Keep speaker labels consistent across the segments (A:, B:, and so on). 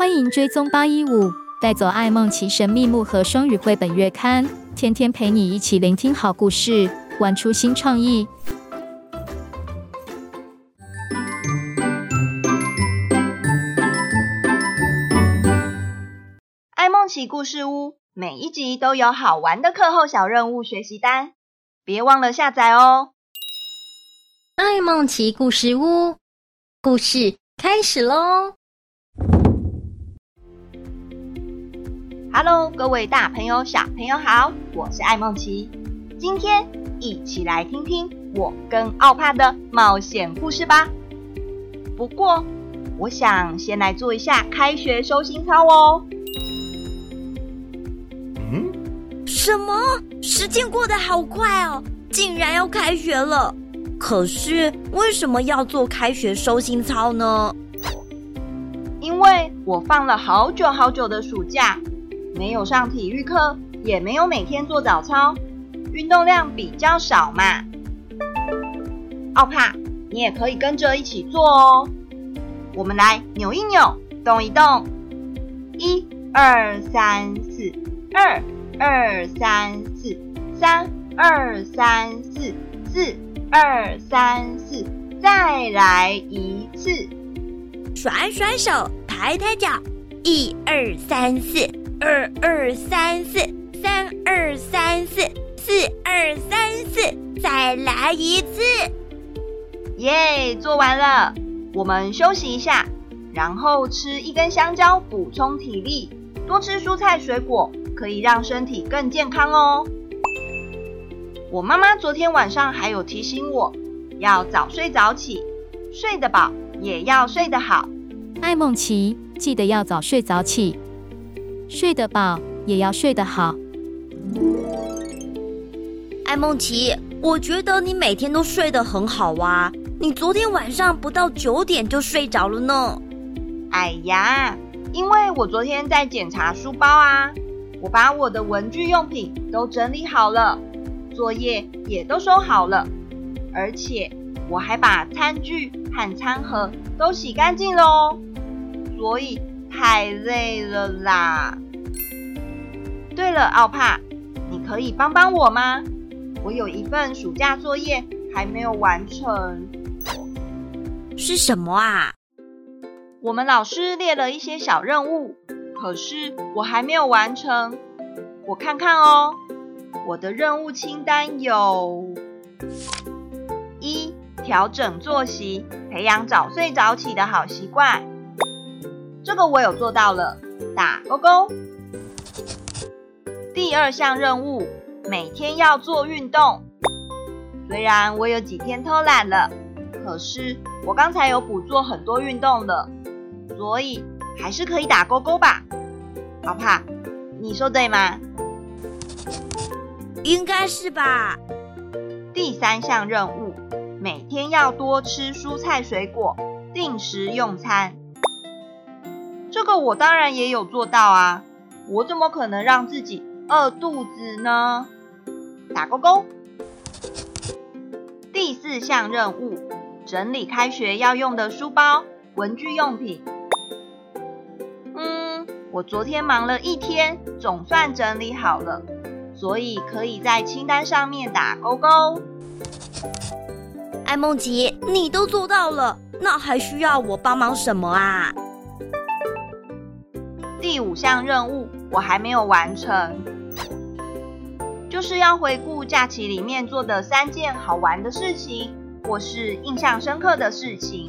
A: 歡迎追蹤八一五，帶走愛孟奇神秘木盒雙語繪本月刊，天天陪你一起聆聽好故事，玩出新創意。
B: 愛孟奇故事屋，每一集都有好玩的課後小任務學習單，別忘了下載哦。愛孟奇故事屋，故事開始嘍！哈嘍各位大朋友、小朋友好，我是愛孟奇，今天一起來聽聽我跟奧帕的冒險故事吧。不過，我想先來做一下開學收心操哦。嗯？什麼？時間過得好快哦，竟然要開學了。可是，為什麼要做開學收心操呢？因為我放了好久好久的暑假。沒有上體育課，也沒有每天做早操，運動量比較少嘛。奧帕，你也可以跟着一起做哦。我們來扭一扭，動一動，一、二、三、四，二、二、三、四，三、二、三、四，四、二、三、四，再來一次，甩甩手，抬抬腳，一、二、三、四。二二三四，三二三四，四二三四，再來一次。耶，做完了，我們休息一下，然後吃一根香蕉補充體力。多吃蔬菜水果可以讓身體更健康哦。我媽媽昨天晚上還有提醒我，要早睡早起，睡得飽也要睡得好。
A: 愛孟奇，記得要早睡早起。睡得飽也要睡得好。
B: 愛孟奇，我覺得你每天都睡得很好哇、啊！你昨天晚上不到九點就睡着了呢。哎呀，因為我昨天在檢查書包啊，我把我的文具用品都整理好了，作業也都收好了，而且我還把餐具和餐盒都洗乾淨了哦，所以。太累了啦！對了，奧帕，你可以幫幫我嗎？我有一份暑假作業還沒有完成。
A: 是什麼
B: 啊？我們老師列了一些小任務，可是我還沒有完成。我看看哦。我的任務清單有：一、調整作息，培養早睡早起的好習慣。這個我有做到了，打勾勾。第二項任務，每天要做運動。雖然我有幾天偷懶了，可是我剛才有補做很多運動的，所以還是可以打勾勾吧？奧帕，你說對嗎？應該是吧。第三項任務，每天要多吃蔬菜水果，定時用餐。這個我當然也有做到啊，我怎麼可能讓自己餓肚子呢？打勾勾。第四項任務：整理開學要用的書包、文具用品。嗯，我昨天忙了一天，總算整理好了，所以可以在清單上面打勾勾。愛孟奇，你都做到了，那還需要我幫忙什麼啊？第五項任務我還沒有完成，就是要回顧假期裡面做的三件好玩的事情，或是印象深刻的事情。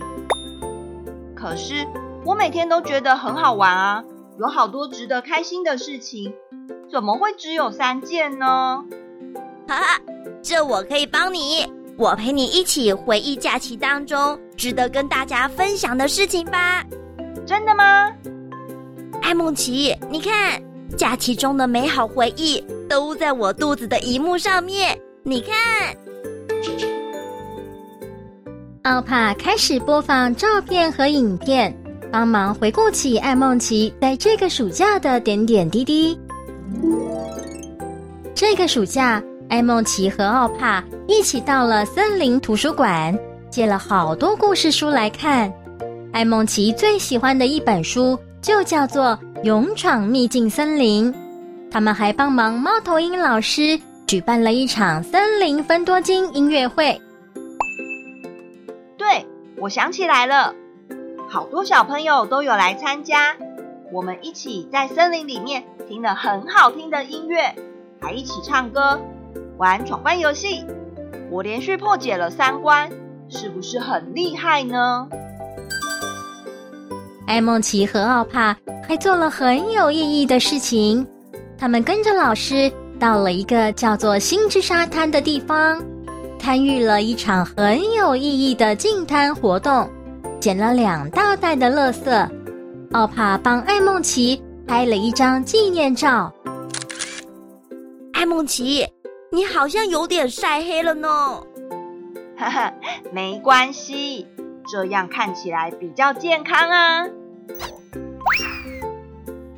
B: 可是我每天都覺得很好玩啊，有好多值得開心的事情，怎麼會只有三件呢？哈哈，這我可以幫你，我陪你一起回憶假期當中值得跟大家分享的事情吧。真的嗎？愛孟奇，你看，
A: 假期中的美好回憶都在我肚子的螢幕上面。你看，奧帕開始播放照片和影片，幫忙回顧起愛孟奇在這個暑假的點點滴滴。這個暑假，愛孟奇和奧帕一起到了森林圖書館，借了好多故事書來看。愛孟奇最喜歡的一本書，就叫做勇闖秘境森林。他們還幫忙貓頭鷹老師舉辦了一場
B: 森林芬多精音樂會。對，我想起來了，好多小朋友都有來參加。我們一起在森林裡面聽了很好聽的音樂，還一起唱歌、玩闖關遊戲。我連續破解了三關，是不是很厲害呢？
A: 愛孟奇和奧帕還做了很有意義的事情，他們跟着老師到了一個叫做“星之沙灘”的地方，參與了一場很有意義的淨灘活動，撿了兩大袋的垃圾。奧帕幫愛孟奇拍了一張紀念照。
B: 愛孟奇，你好像有點曬黑了呢。哈哈，沒關係，這樣看起來比較健康啊。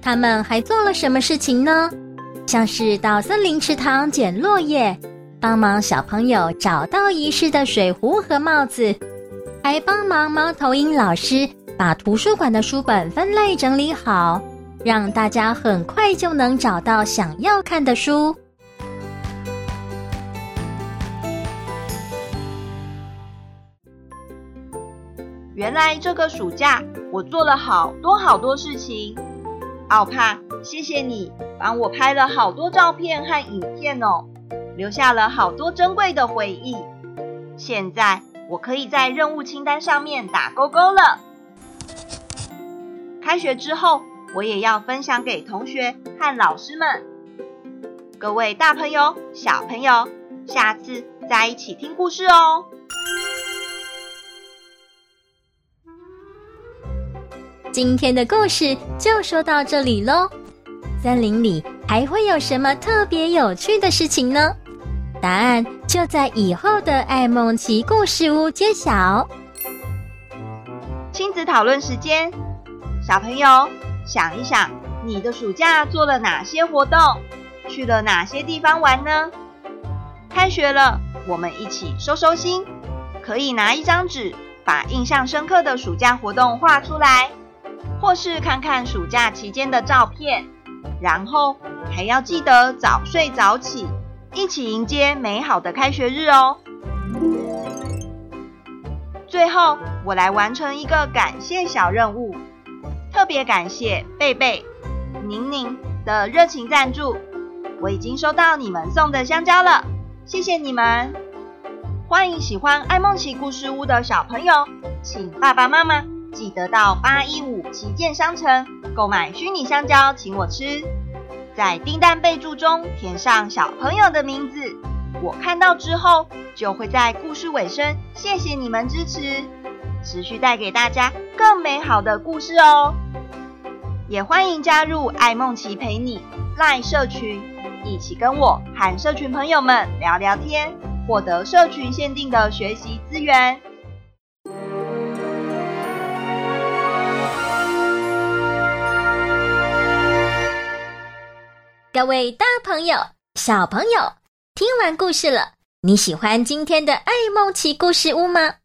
B: 他們
A: 還做了什麼事情呢？像是到森林池塘撿落葉，幫忙小朋友找到遺失的水壺和帽子，還幫忙貓頭鷹老師把圖書館的書本分類整理好，讓大家很快就能找到想要看的書。
B: 原來這個暑假我做了好多好多事情，奧帕，謝謝你幫我拍了好多照片和影片哦，留下了好多珍貴的回憶。現在我可以在任務清單上面打勾勾了。開學之後，我也要分享給同學和老師們。各位大朋友、小朋友，下次再一起聽故事哦。
A: 今天的故事就說到這裡嘍。森林裡還會有什麼特別有趣的事情呢？答案就在以後的《愛孟奇故事屋》揭曉。
B: 親子討論時間，小朋友想一想，你的暑假做了哪些活動？去了哪些地方玩呢？開學了，我們一起收收心。可以拿一張紙，把印象深刻的暑假活動畫出來。或是看看暑假期間的照片，然後還要記得早睡早起，一起迎接美好的開學日哦。最後，我來完成一個感謝小任務，特別感謝貝貝、寧寧的熱情贊助，我已經收到你們送的香蕉了，謝謝你們！歡迎喜歡愛孟奇故事屋的小朋友，請爸爸媽媽。記得到八一五旗艦商城購買虛擬香蕉，請我吃。在訂單備註中填上小朋友的名字，我看到之後就會在故事尾聲謝謝你們支持，持續帶給大家更美好的故事哦。也歡迎加入愛孟奇陪你賴社群，一起跟我和社群朋友們聊聊天，獲得社群限定的學習資源。
A: 各位大朋友、小朋友，聽完故事了，你喜歡今天的《愛孟奇故事屋》嗎？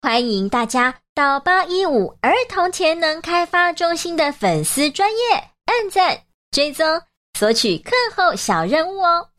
A: 歡迎大家到八一五兒童潛能開發中心的粉絲專頁按贊、追蹤、索取課後小任務哦。